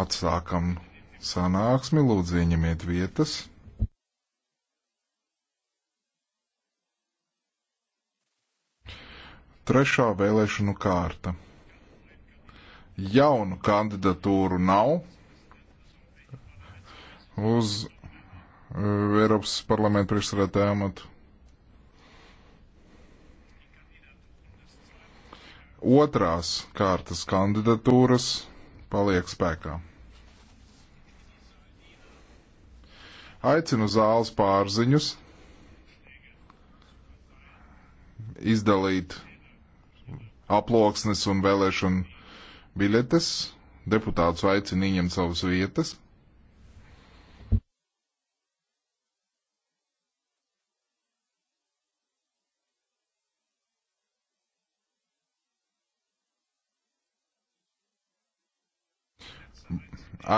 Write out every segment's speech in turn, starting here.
Atsākam sanāksmi, lūdzu ieņemiet vietas. Trešā vēlēšanu kārta. Jaunu kandidatūru nav uz eh, Eiropas parlamenta priekšsēdētāja amatu. otrās kārtas kandidatūras paliek spēkā. Aicinu zāles pārziņus izdalīt aploksnes un vēlēšanu biļetes. Deputātus aicinu ieņemt savas vietas.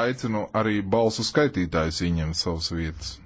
aicinu arī balsu skaitītājus ieņemt savas vietas.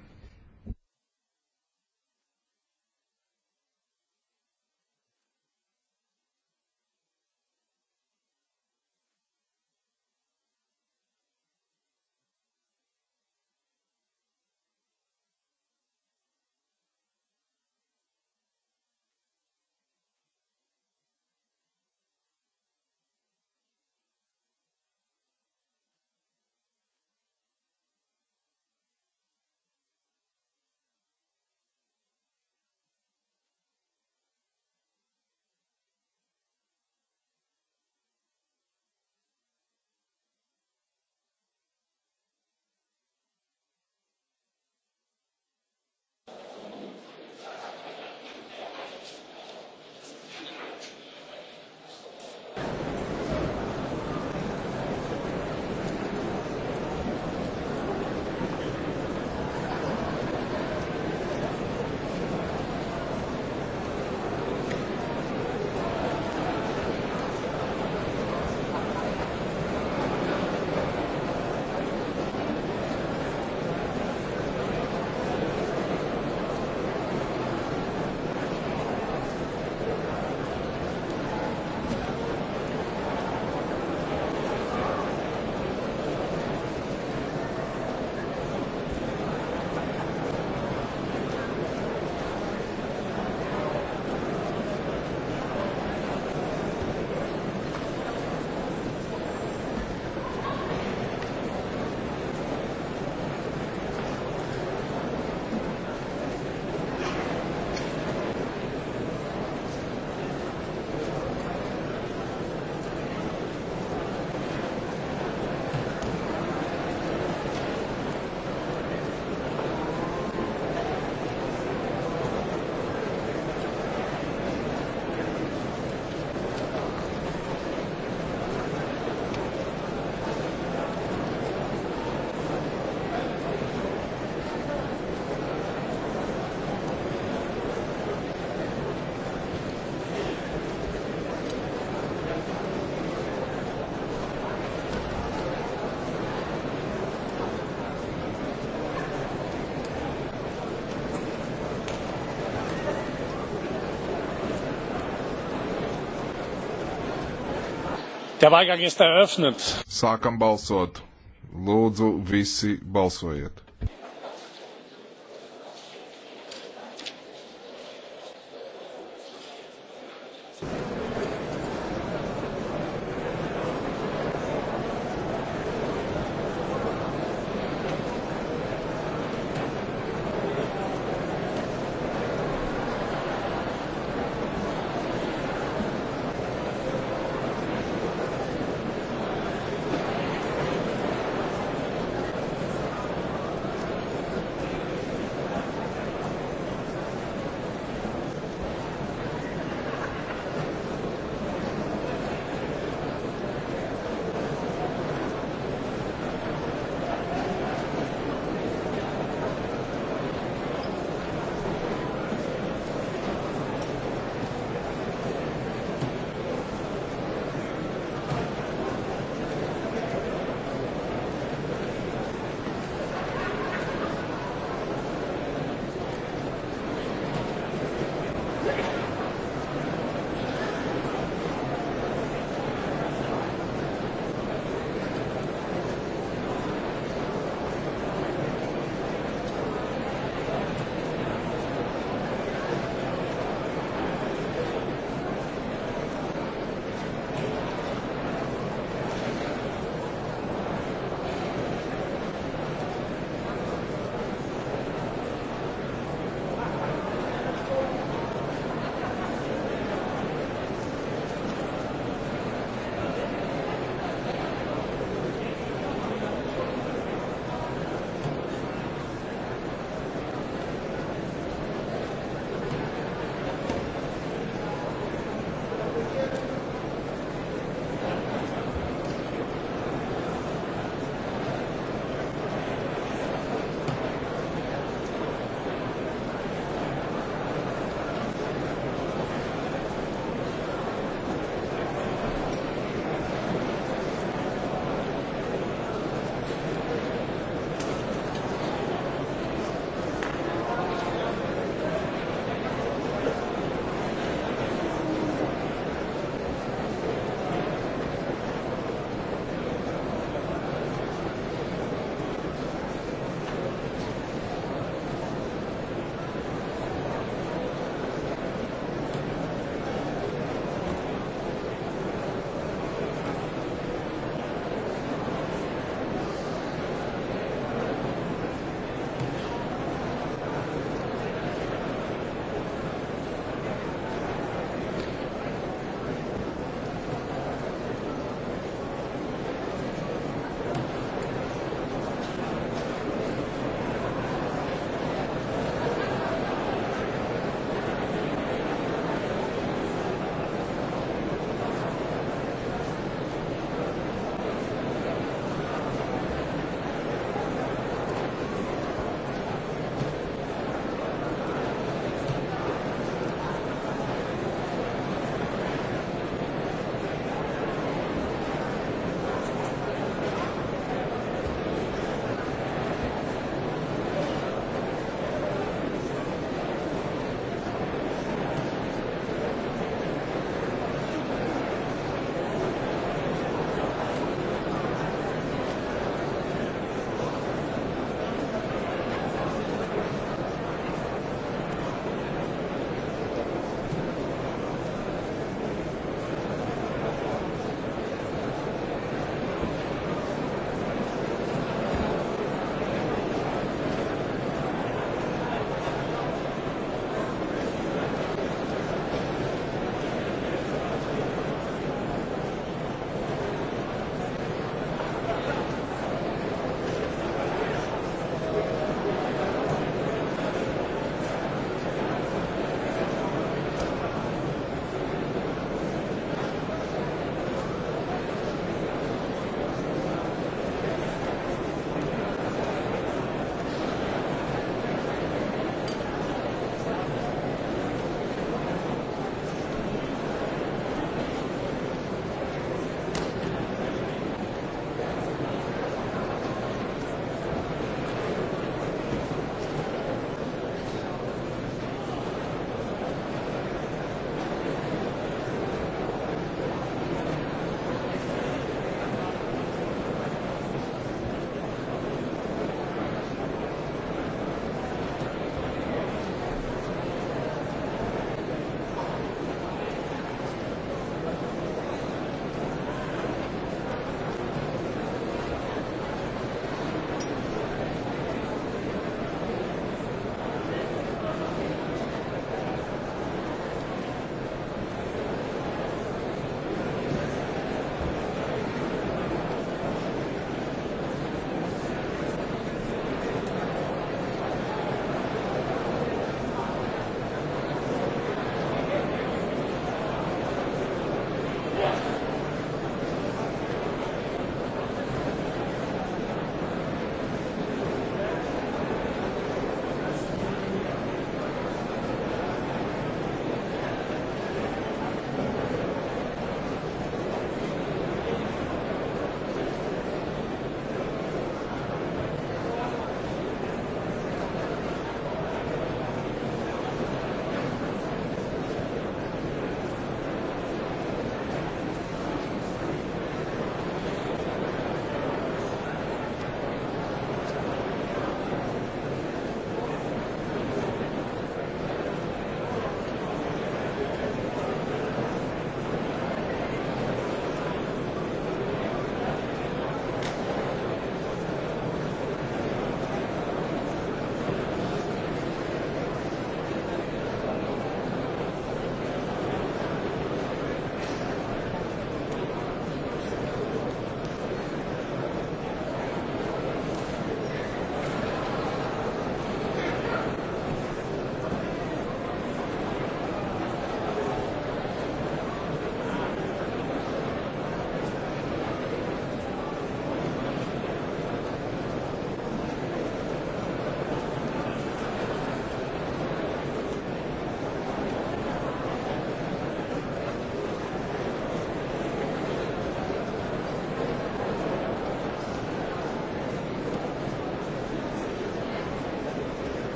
Der Wahlgang ist eröffnet. Sākam balsot. Lūdzu, visi balsojiet.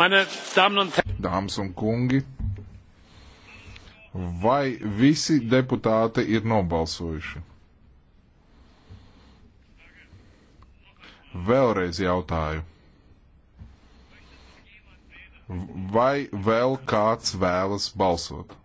Meine Damen un Dāmas un kungi, vai visi deputāti ir nobalsojuši? Vēlreiz jautāju. Vai vēl kāds vēlas balsot?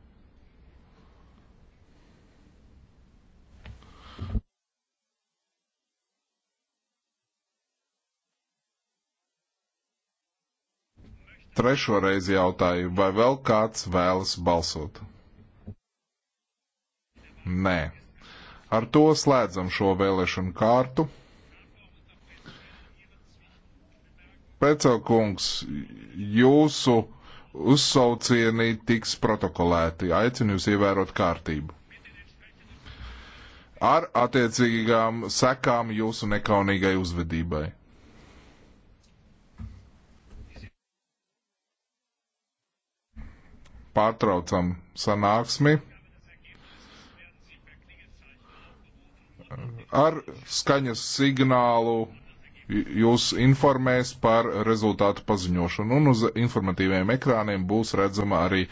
Trešo reizi jautāju, vai vēl kāds vēlas balsot? Nē. Ar to slēdzam šo vēlēšanu kārtu. Pecelkungs, jūsu uzsaucieni tiks protokolēti. Aicinu jūs ievērot kārtību. Ar attiecīgām sekām jūsu nekaunīgai uzvedībai. pārtraucam sanāksmi ar skaņas signālu. Jūs informēs par rezultātu paziņošanu, un uz informatīviem ekrāniem būs redzama arī